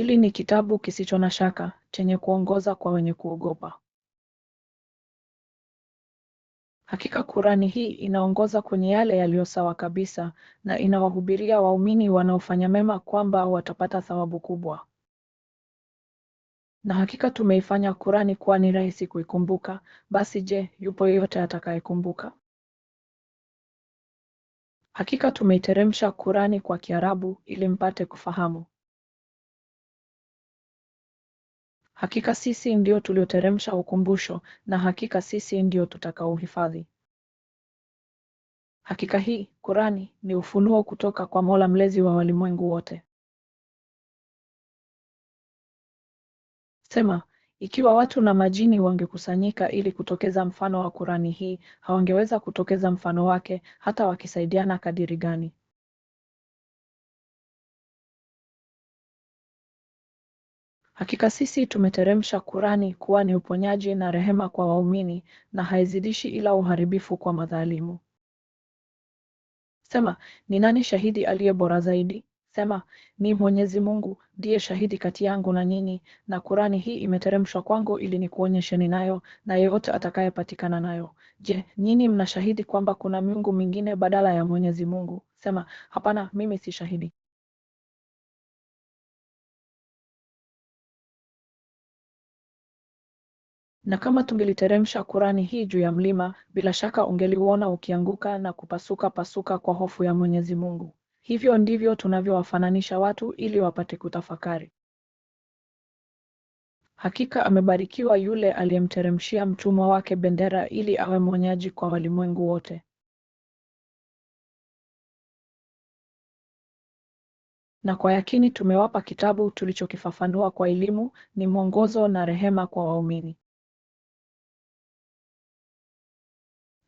Hili ni kitabu kisicho na shaka, chenye kuongoza kwa wenye kuogopa. Hakika Kurani hii inaongoza kwenye yale yaliyo sawa kabisa na inawahubiria waumini wanaofanya mema kwamba watapata thawabu kubwa. Na hakika tumeifanya Kurani kuwa ni rahisi kuikumbuka, basi je, yupo yeyote atakayekumbuka? Hakika tumeiteremsha Kurani kwa Kiarabu ili mpate kufahamu. Hakika sisi ndio tulioteremsha ukumbusho na hakika sisi ndio tutakaohifadhi. Hakika hii kurani ni ufunuo kutoka kwa Mola mlezi wa walimwengu wote. Sema, ikiwa watu na majini wangekusanyika ili kutokeza mfano wa kurani hii, hawangeweza kutokeza mfano wake hata wakisaidiana kadiri gani. Hakika sisi tumeteremsha Kurani kuwa ni uponyaji na rehema kwa waumini na haizidishi ila uharibifu kwa madhalimu. Sema, ni nani shahidi aliye bora zaidi? Sema, ni Mwenyezi Mungu ndiye shahidi kati yangu na nyinyi, na Kurani hii imeteremshwa kwangu ili nikuonyesheni nayo na yeyote atakayepatikana nayo. Je, nyinyi mnashahidi kwamba kuna miungu mingine badala ya Mwenyezi Mungu? Sema, hapana, mimi si shahidi. Na kama tungeliteremsha Kurani hii juu ya mlima, bila shaka ungeliuona ukianguka na kupasuka pasuka kwa hofu ya Mwenyezi Mungu. Hivyo ndivyo tunavyowafananisha watu ili wapate kutafakari. Hakika amebarikiwa yule aliyemteremshia mtumwa wake bendera ili awe mwonyaji kwa walimwengu wote. Na kwa yakini tumewapa kitabu tulichokifafanua kwa elimu, ni mwongozo na rehema kwa waumini.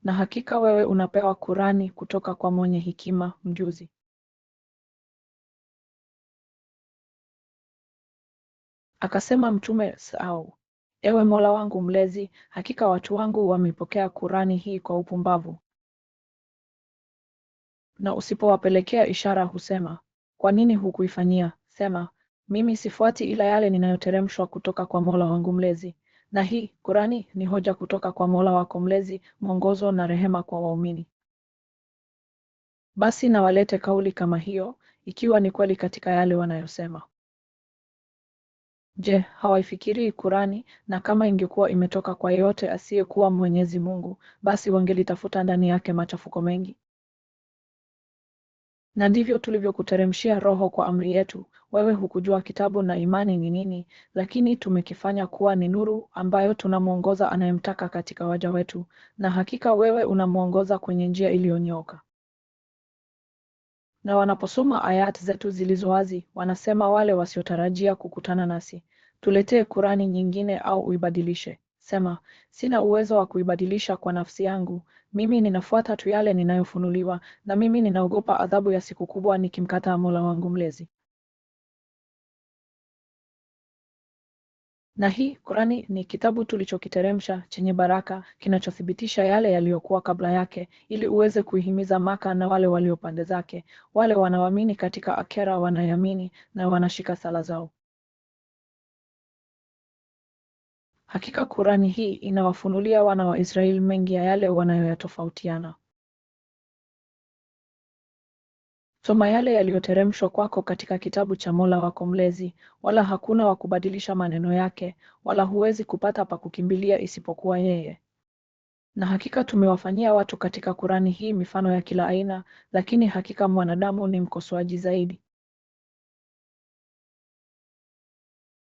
Na hakika wewe unapewa Kurani kutoka kwa Mwenye Hekima, Mjuzi. Akasema Mtume Sau, ewe Mola wangu Mlezi, hakika watu wangu wamepokea Kurani hii kwa upumbavu, na usipowapelekea ishara husema, kwa nini hukuifanyia? Sema, mimi sifuati ila yale ninayoteremshwa kutoka kwa Mola wangu Mlezi na hii Kurani ni hoja kutoka kwa Mola wako Mlezi, mwongozo na rehema kwa waumini. Basi na walete kauli kama hiyo, ikiwa ni kweli katika yale wanayosema. Je, hawaifikirii Kurani? Na kama ingekuwa imetoka kwa yeyote asiyekuwa Mwenyezi Mungu, basi wangelitafuta ndani yake machafuko mengi. Na ndivyo tulivyokuteremshia Roho kwa amri yetu. Wewe hukujua kitabu na imani ni nini, lakini tumekifanya kuwa ni nuru ambayo tunamwongoza anayemtaka katika waja wetu, na hakika wewe unamwongoza kwenye njia iliyonyooka. Na wanaposoma ayat zetu zilizo wazi, wanasema wale wasiotarajia kukutana nasi, tuletee Kurani nyingine au uibadilishe. Sema, sina uwezo wa kuibadilisha kwa nafsi yangu. Mimi ninafuata tu yale ninayofunuliwa, na mimi ninaogopa adhabu ya siku kubwa nikimkataa Mola wangu Mlezi. Na hii Qur'ani ni kitabu tulichokiteremsha chenye baraka kinachothibitisha yale yaliyokuwa kabla yake ili uweze kuihimiza Maka na wale walio pande zake, wale wanaoamini katika akera wanayamini na wanashika sala zao. Hakika Kurani hii inawafunulia wana wa Israeli mengi ya yale wanayoyatofautiana. Soma yale yaliyoteremshwa kwako katika kitabu cha Mola wako Mlezi, wala hakuna wa kubadilisha maneno yake, wala huwezi kupata pa kukimbilia isipokuwa yeye. Na hakika tumewafanyia watu katika Kurani hii mifano ya kila aina, lakini hakika mwanadamu ni mkosoaji zaidi.